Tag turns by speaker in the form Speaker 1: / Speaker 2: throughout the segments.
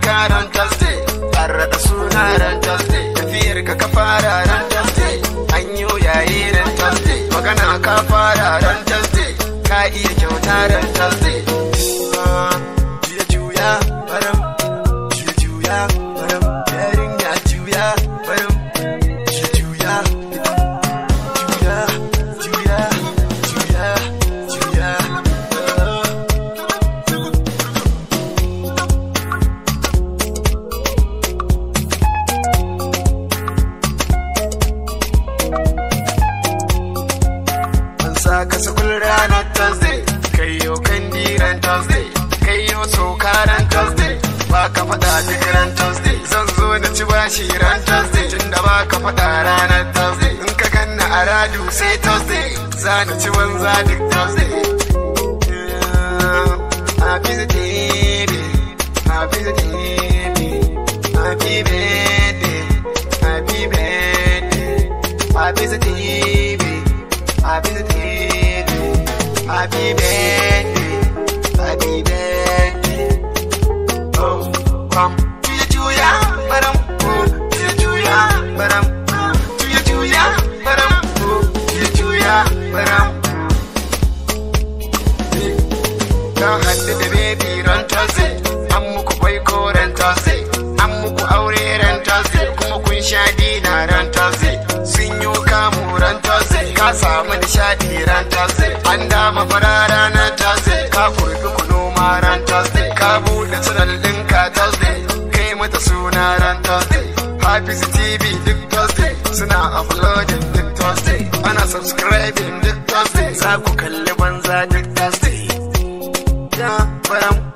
Speaker 1: kai ka ran tasde raɗa suna ran tasde tafiyar ka ka fara ran tasde an yayi ran magana ka fara ran tasde ka iya kyauta ran tasde yau sauka ran Thursday ba ka faɗa duk ran Thursday zan zo na ci ran Thursday tunda ba ka faɗa ranar Thursday in ka ganna a radu Thursday za na ci Thursday Happy baby, happy baby, happy birthday, happy birthday, happy baby, happy baby, happy birthday. pam juya juya da bebi ran tasi an muku kwaiko ran tasi an muku aure ran tasi kuma kun sha dina ran tasi sun yi kamu ran tasi ka samu nishaɗi ran tasi an dama fara rana Busy TV duk Thursday suna uploading duk Thursday ana subscribing duk Thursday za ku kalli banza duk Thursday. Ya bayan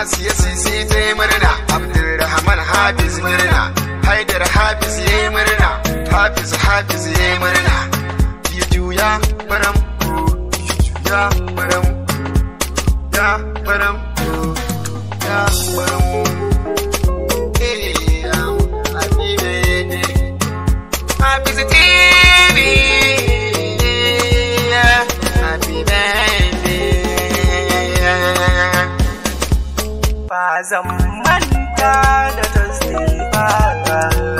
Speaker 1: Asiya sisi ta yi murna, Abdulrahman Hafiz murna, Haidar Hafiz ya yi murna, Hafiz Hafiz ya yi murna. Ya juya baram ya baram ya baram ya baram. Eh, um, Hafiz ta
Speaker 2: zan manta da ba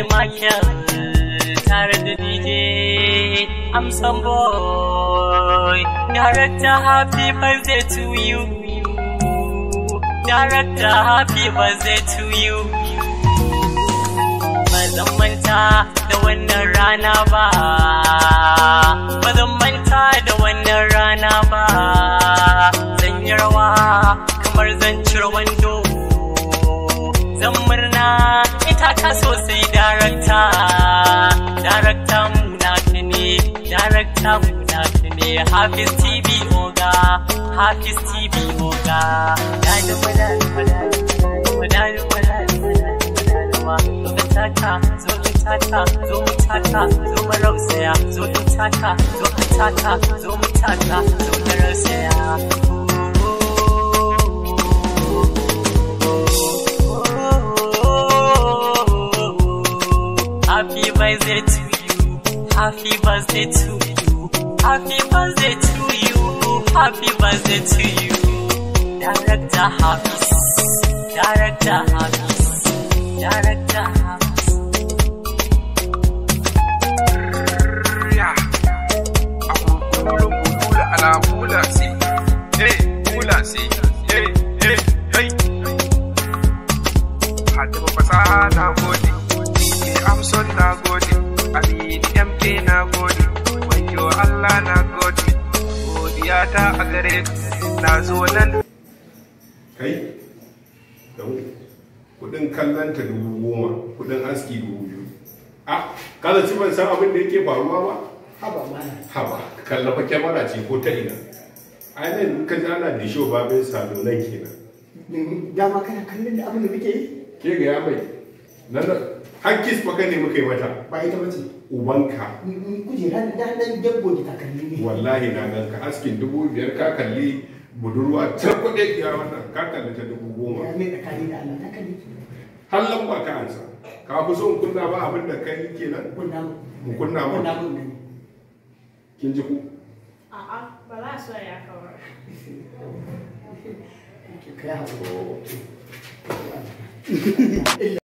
Speaker 2: Sani Makiyan tare da DJ Amsan Boy. Director happy birthday to you. Director happy birthday to you. Ba zan manta da wannan rana ba. Ba zan manta da wannan rana ba. Zan yi kamar zan cire wando. zan murna ita ta sosai darakta darakta muna ta ne darakta muna ta ne hafiz tv oga hafiz tv oga dani madani wala madani wala madani madani taka zo in taka zo mu taka zo mu rausaya zo in taka zo ka taka zo mu taka zo mu rausaya birthday to you. Happy birthday to you. Happy birthday to you. Director Hafiz. Director Hafiz. Director Hafiz.
Speaker 1: Hey, Mula see. ta a gare na zo nan kai kudin kallon ta dubu goma kudin aski dubu biyu a ah, kada ci ban san abin da yake faruwa ba haba mana haba kallafa kyamara ce ko ta ina ne ka ji ana da show babin salo nan kenan dama kana kallon da abin da muke yi ke ga ya mai nan har kis baka ne muka yi mata ba ita bace ubanka mm, mm, kujeran nan dabbo ki takalli ne wallahi na nan ka askin dubu biyar ka kalli budurwa ta kuɗe ya wannan ka kalli ta dubu goma ya mai tsakani da Allah ta kalli Hallan ba ka ansa ka fi son kunna ba abin da kai kenan kunna mu kunna mu kunna mu kin ji ku
Speaker 2: a'a ba za su ya kawar
Speaker 1: kai hawo